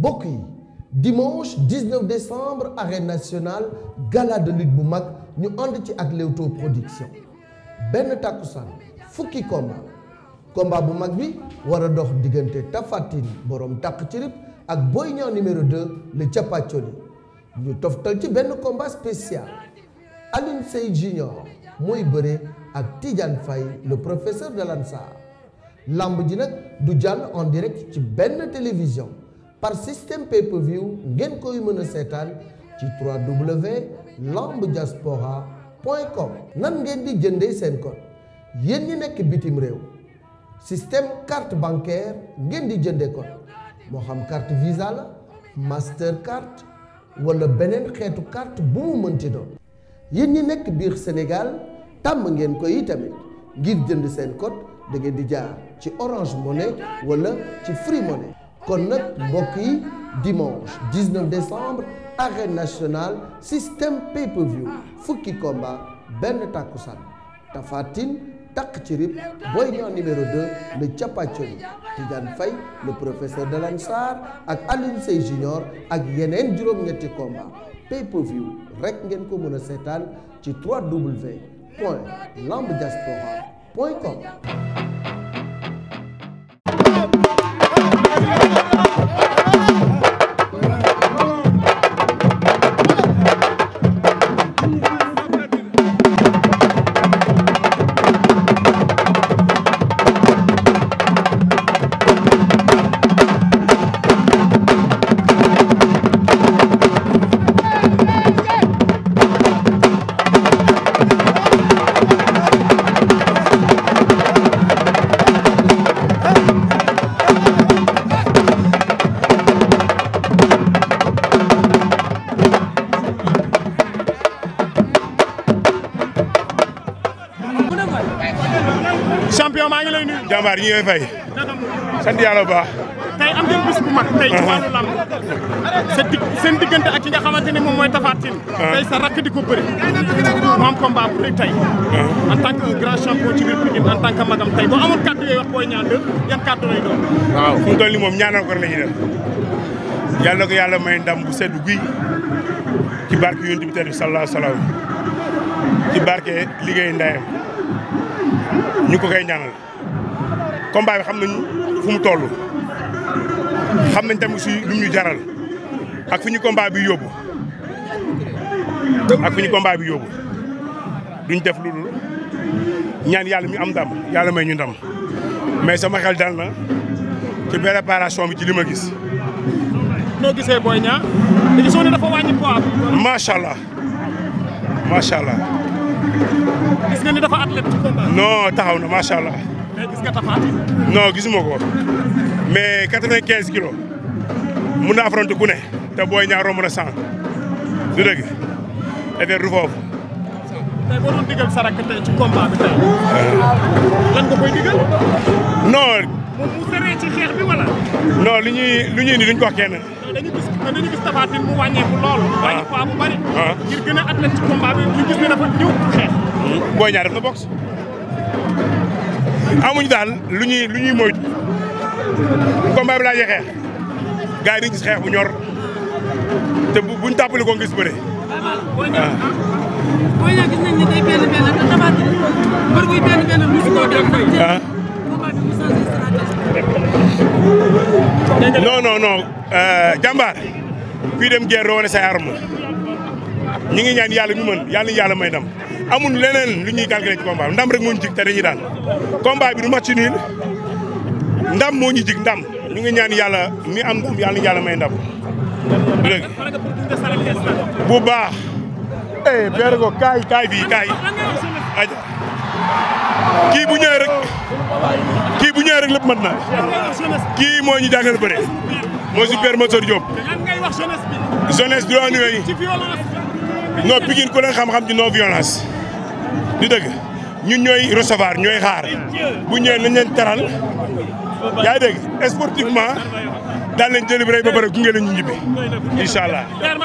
mbokk yi dimanche 19 décembre arène nationale gala de lutte bu mag ñu ànd ci ak Leewtoo production benn takkusaan fukki combat combat bu mag bi wara dox diggante Tapha Tine borom takk ak Boy Niang numéro 2 le Chapacholi ñu toftal ci benn combat spécial Alioune Seye Junior mooy bëre ak Tidiane fay le professeur de l'Ansar lamb ji nag du jànn en direct ci benn télévision par système pay-per-view ngeen koy mën a seetaan ci 3W lambdiaspora point com nan ngeen di jëndee seen code yéen ñi nekk bitim réew système carte bancaire ngeen di jëndee code moo xam carte Visa la Mastercard wala beneen xeetu carte bu mu mënti doon yéen ñi nekk biir Sénégal tàmm ngeen koy itamit ngir jënd seen code da ngeen di jaar ci Orange Money wala ci Free Money kon nag mbokk yi dimanche 19 décembre arène nationale système pay-per-view fukki combat benn takkusaan Tapha Tine takk ci rib Boy Niang numéro 2 le capacoli Tidiane Faye le professeur de Lansar ak Alioune Seye Junior ak yeneen juróom-ñetti combat pay-per-view rek ngeen ko mën a seetaan ci 3w point lambdiaspora champion maa ngi ñi ngay fay. sant yàlla bu baax. tey am ngeen bis bu mag tey ci uh-huh. wàllu lamb sa dig seen ak ki nga xamante ne moom mooy uh-huh. sa rakk di ko bëri. mu am combat bu rëy tey. Uh-huh. en tant que ci biir Pikine en magam tey boo amoon kàddu yooyu wax booy ñaan de yan kàddu lay doon. waaw moom ñaanal ko la ñuy def yàlla ko yàlla may ndam bu sedd guy ci barke yonent bi tedd bi sallallahu alayhi wa barke liggéey ndayam ñu ko koy ñaanal combat bi xam nañ fu mu toll xam nañ tamit si lu ñu jaral ak fi ñu combat bi yóbbu ak fi ñu bi yoobu duñ def lu dul ñaan mi am ndam yàlla may ñu ndam mais sama xel dal na ci préparation bi ci li ma gis. noo gisee Boy Niang te gisoo ne dafa wàññi poids. macha allah macha allah. gis nga ni dafa athlète non taxaw na macha allah. mais gis nga Tapha Tine. non gisuma ko mais quatre-vingt-quinze kilos mun na affronter ku ne te booy ñaar romb na cent du dëgg effet du foofu. tey boo doon digal sa rakk tey ci combat bi ci ko wax bu bari. Ah. booy ñaar def na boxe. amuñ daal lu ñuy lu moytu combat bi laajee xeex gars yi bu ñor te bu buñ tàppale ko gis bëre. waaw bi mu kuy dem guerre doo wane ñu ngi ñaan yàlla ñu mën yàlla yàlla may ndam amul leneen lu ñuy calculer ci combat ndam rek moo ñu jig te dañuy daan combat bi du match nul ndam moo ñu jig ndam ñu ngi ñaan yàlla mi am ndam yàlla may ndam dëgg bu baax eh beere ko kaay kaay fii kaay kii bu ñëwee rek kii bu ñëwee rek lépp mën na kii moo ñu jàngal bëre moo si père Massar Diop jeunesse bi jeunesse bi non Pikine ku ne xam noo ci non violence di dëgg ñun ñooy recevoir ñooy xaar bu ñëwee nañ leen teral yaa ngi dégg sportivement daal leen jëli bi i ba pare gunge la allah.